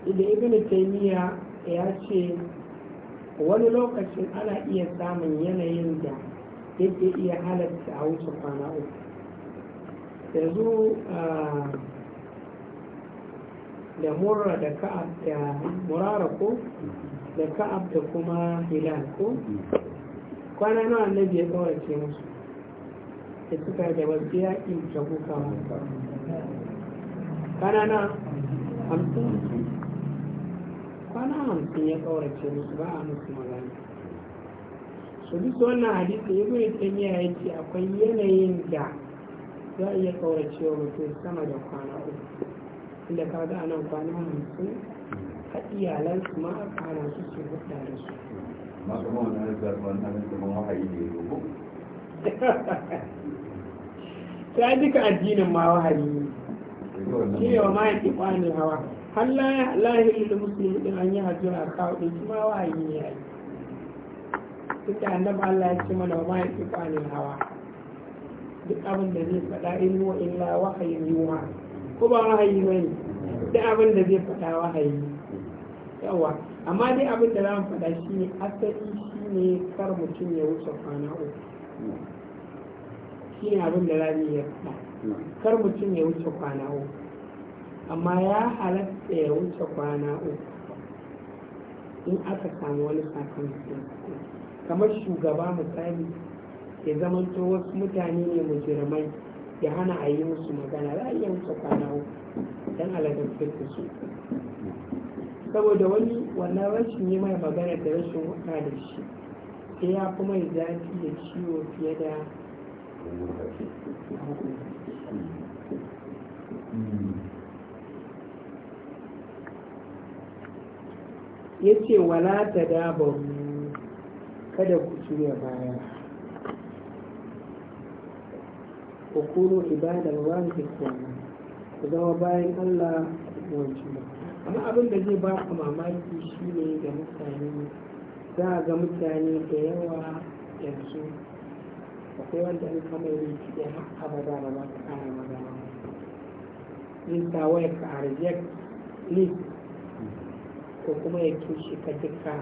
idan ibn taymiya ya ce wani lokacin ana iya samun yanayin da yake iya halatta a wuce kwana uku yanzu ah, da murra da ka'a da murara ko da ka'ab da kuma hilal ko kwana nawa annabi ya kawarce musu da suka da wasu yaƙi da kukawa kwana na hamsin kwana hamsin ya kawarce musu ba a musu magana su duk wannan hadisi ya gudu taimiya ya ce akwai yanayin da za a iya kawarce wa mutum sama da kwana uku inda ka ga anan kwana hamsin har iyalansu ma aka hana su su hudda da su
masu kuma wani zarfan nan kuma wahayi ne
ya rubu ta duka addinin ma wahayi ne shi ne wa mayan ikwanin hawa har lahirin da musulmi din an yi hajjiyar a kawo ɗin shi ma wahayi ne ya yi duk da Allah ya ce mana wa mayan ikwanin hawa duk abin da zai faɗa in huwa illa wahayin yuwa ko ba wahayi bane duk abin da zai faɗa wahayi yawa amma dai abin da za mu faɗa shi ne asali shi ne kar mutum ya wuce kwana uku shi ne abin da za mu iya faɗa kar mutum ya wuce kwana uku amma ya halatta ya wuce kwana uku in aka samu wani sakamako kamar shugaba misali ya zamanto wasu mutane ne mujirmai ya hana a yi musu magana za a iya wuce kwana uku don aladar su saboda wani wannan rashin yi mai magana da rashin wuta da shi sai ya fi mai zafi da ciwo fiye da ya ce wala ta daba mu kada ku juya baya ku kuno ibadan wani ku zama bayan allah ku wanci ba amma abin da zai ba ku mamaki shi ne da mutane za a ga mutane da yawa yanzu akwai wanda in kama yi ki da ba za ka kara magana ta waya ka a reject ne ko kuma ya tushe ka duka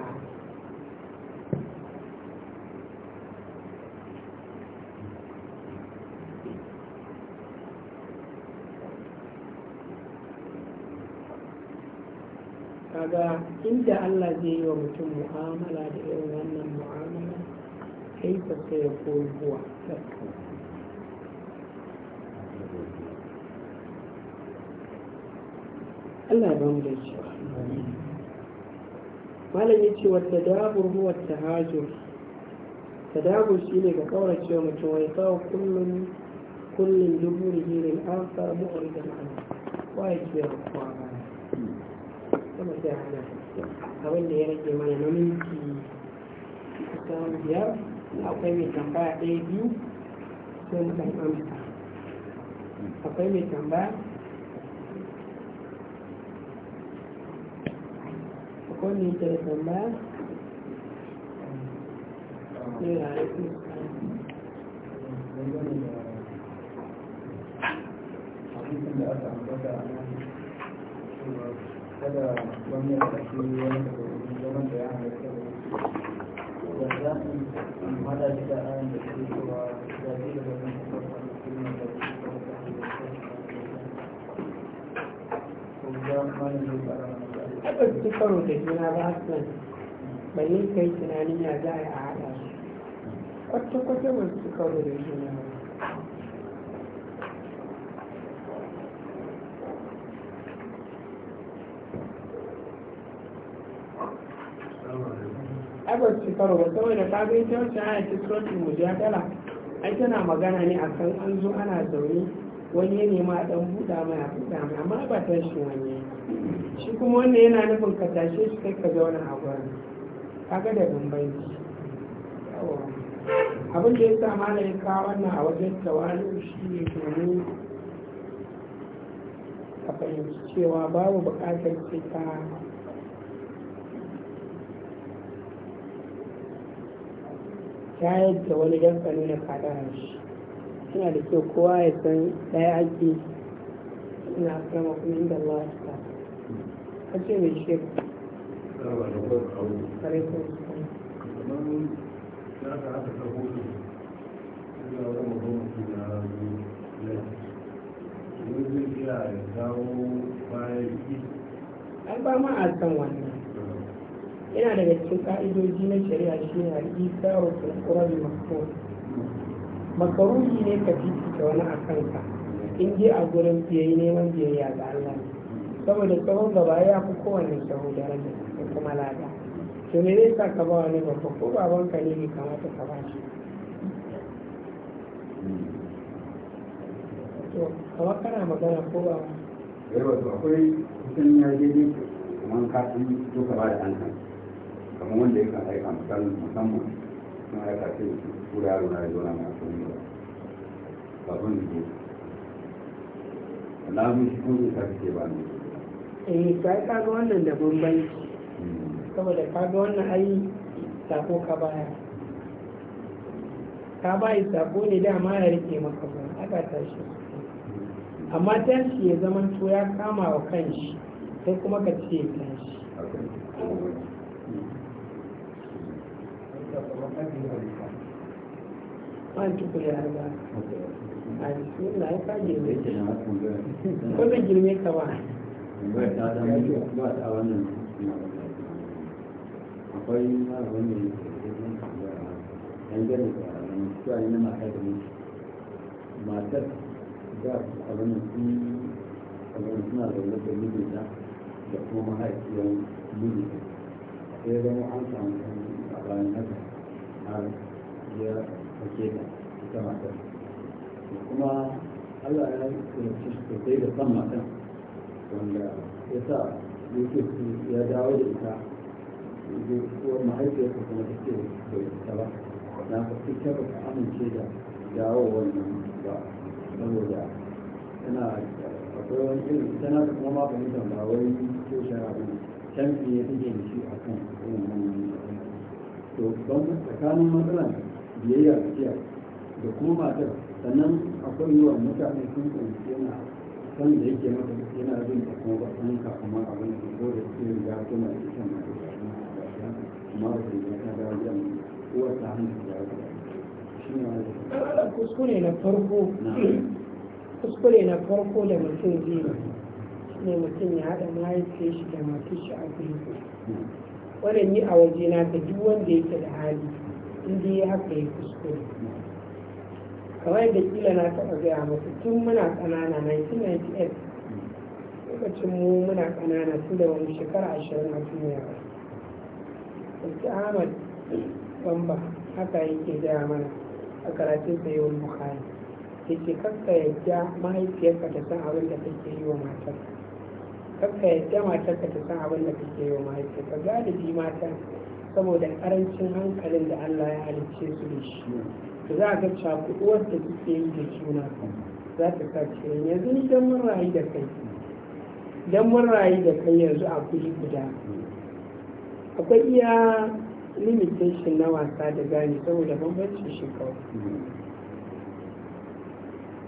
kaga inda Allah zai yi wa mutum mu'amala da irin wannan mu'amala kai ka sai ya koyi zuwa Allah ba mu da shi malam ya ce wadda dabur huwa tahajur tadabur shi ne ga kaurace wa mutum wai kawo kullum kullum duburi hirin an fara mu'ar da ma'ana wa ya ce ya kwana sama sai abin da ya rage mana na minti kusan biyar akwai mai tambaya ɗaya biyu sai amsa akwai mai tambaya akwai mai yake da
tambaya sai kada wani ya ɗauki wani zaman da ya halatta da za su hada shi da ayan da ke cewa da zai da wani kwakwan filmin da
ke taɓa
ci karo da juna ba hassan balle kai tunanin ya za a haɗa su kwata-kwata ba su karo da juna ba karo ba saboda ka ga ita cikin aya ta suratul mujadala ai tana magana ne akan an zo ana zaune wani ya nema a dan buɗa mai a buɗa mai amma ba ta shi wani shi kuma wanda yana nufin ka tashe shi kai ka zauna a gurin kaga da bambanci abin da ya sa malamin kawo wannan a wajen tawali shi ne domin ka fahimci cewa babu buƙatar sai ka shayar da wani don na nuna kadaran shi suna da kyau kowa ya san ɗaya ake ina akrama kuma inda Allah ya sa ka ce mai shi an ba ma a san wannan yana daga cikin ka'idoji na shari'a shi ne al'isa wa kulkura bi makon makaruni ne ka fifita wani a kanka in je a gurin biyayi neman biyayya ga Allah saboda tsawon gaba ya fi kowane da daraja da kuma lada to me zai sa ka ba wani babba ko ka ne kamata ka ba shi to kama kana magana ko ba
yawa eh, to akwai kusan ya je ne kamar ka duka ba da hankali. kamar wanda ya kan aika misalin musamman sun aika ce kura yaro na yaro na mai akwai ba babban da ke na ba shi kuma zai tafi ke ba ne
eh ka yi kaga wannan da bambanci hmm. saboda ga wannan ayi sako ka baya ka bayi sako ne dama ya rike maka ba aka tashi amma tashi ya zama to ya kama wa kanshi sai kuma ka ce tashi an da ko da girme ka ba
akwai wani yan gani da da matar sun suna zaune da mijinta da kuma mahaifiyar mijinta sai zama an samu a bayan haka ya ake da ita matar kuma allah ya kunci sosai da san matan wanda ya sa yusuf ya dawo da ita ko mahaifiyarsa kuma ta ce bai ita ba na ka ita ba amince da dawo wannan ba saboda tana akwai wani irin tana kuma ma fahimtar ba wai ko shara ba canfi ya take da shi a kan irin wannan to don tsakanin matsalan biyayya da kiya da kuma matar sannan akwai yi wa mutane sun fahimci yana san da yake mata yana jin da kuma ba san ka kuma abin da ko da ke ya kuma da ita ma da shi amma ba sai ya ga ya uwar ta hannu ya ga shi ne
kuskure na farko kuskure na farko da mutum zai ne mutum ya haɗa mahaifiyar shi da matar shi a gurin wannan ni a waje na ta duk wanda yake da hali inda ya haka ya kuskure kamar da kila na taɓa gaya masu tun muna ƙanana 1998 lokacin mu muna ƙanana tun da wani shekara ashirin a tun ba ahmad bamba haka yake gaya mana a karatun sayon bukari yake kakka yadda mahaifiyarka ta san abin da kake yi wa matarsa kakka yadda matarka ta san abin da kake yi wa mahaifiyarka galibi matan saboda karancin hankalin da Allah ya halicce su da shi da za a ga cakuɗuwar da suke yi da juna za ta sa yanzu don mun rayu da kai yanzu a kuri guda akwai iya limitation na wasa da gani saboda bambancin shekaru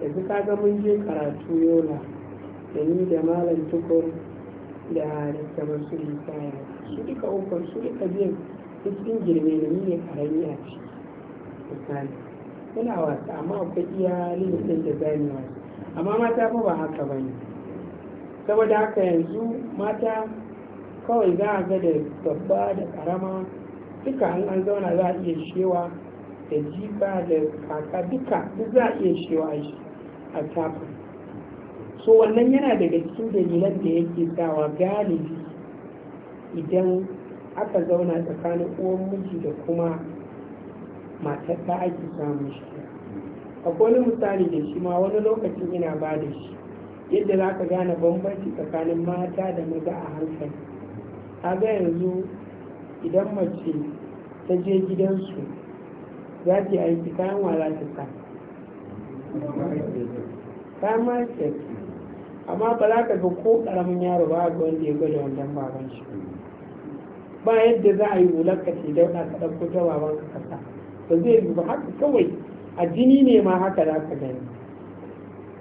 yanzu kaga mun je karatu yola da ni da malam tukur da kamar su hikaya su duka ukun su duka biyan cikin girme da ni ne karami a ciki misali suna wasa amma akwai iya limitin da zani wasa amma mata fa ba haka ba ne saboda haka yanzu mata kawai za a ga da babba da karama duka an an zauna za a iya shewa da jifa da kaka duka duk za a iya shewa a tafi so wannan yana daga cikin dalilan da yake sawa galibi idan aka zauna tsakanin uwan miji da kuma matar ta ake samun shi akwai wani misali da shi ma wani lokacin ina ba da shi yadda za ka gane bambanci tsakanin mata da maza a hankali ga yanzu idan mace ta je gidansu za ta aiki kayan wala ta sa kayan market amma ba za ka ga ko karamin yaro ba ga wanda ya gwada wannan baban shi ba yadda za a yi hular ka ce dauɗa ka ko ta baban ka kasa ba zai yi ba haka kawai a jini ne ma haka za ka gani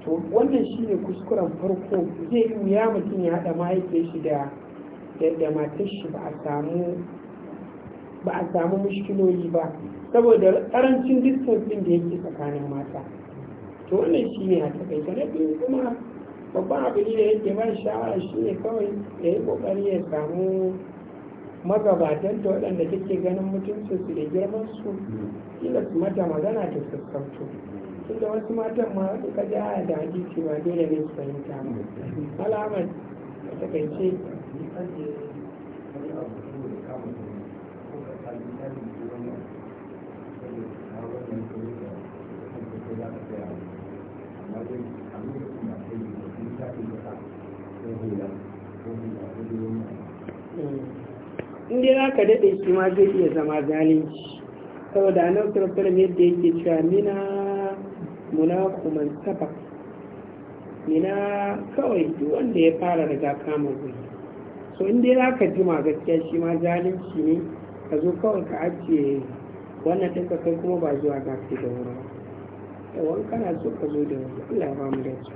to wannan shi ne kuskuren farko zai yi wuya mutum ya haɗa mahaifiyar shi da yadda matar shi ba a samu ba mushkiloli ba saboda karancin distance ɗin da yake tsakanin mata to wannan shi ne a takaita na biyu kuma babban abin da yake ba shawara shi ne kawai ya yi kokari ya samu magabatan ta waɗanda take ganin su da girman su kila su mata magana ta sassauto tunda wasu matan ma suka ja da hadisi ba dole ne su fahimta ba alamar ta takaice Hmm. inda za ka daɗe shi ma zai iya zama zalunci saboda a nan sarfarin yadda yake cewa mina muna kuma saba mina kawai duk wanda ya fara daga kama zai so inda za ka jima gaskiya shi ma zalunci ne ka zo kawai ka ajiye wannan ɗinka kai kuma ba zuwa ke da wurin yawan kana so ka zo da wani Allah ba mu dace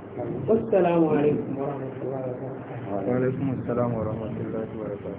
wassalamu alaikum wa rahmatullahi wa barakatuh
wa alaikum wa rahmatullahi wa barakatuh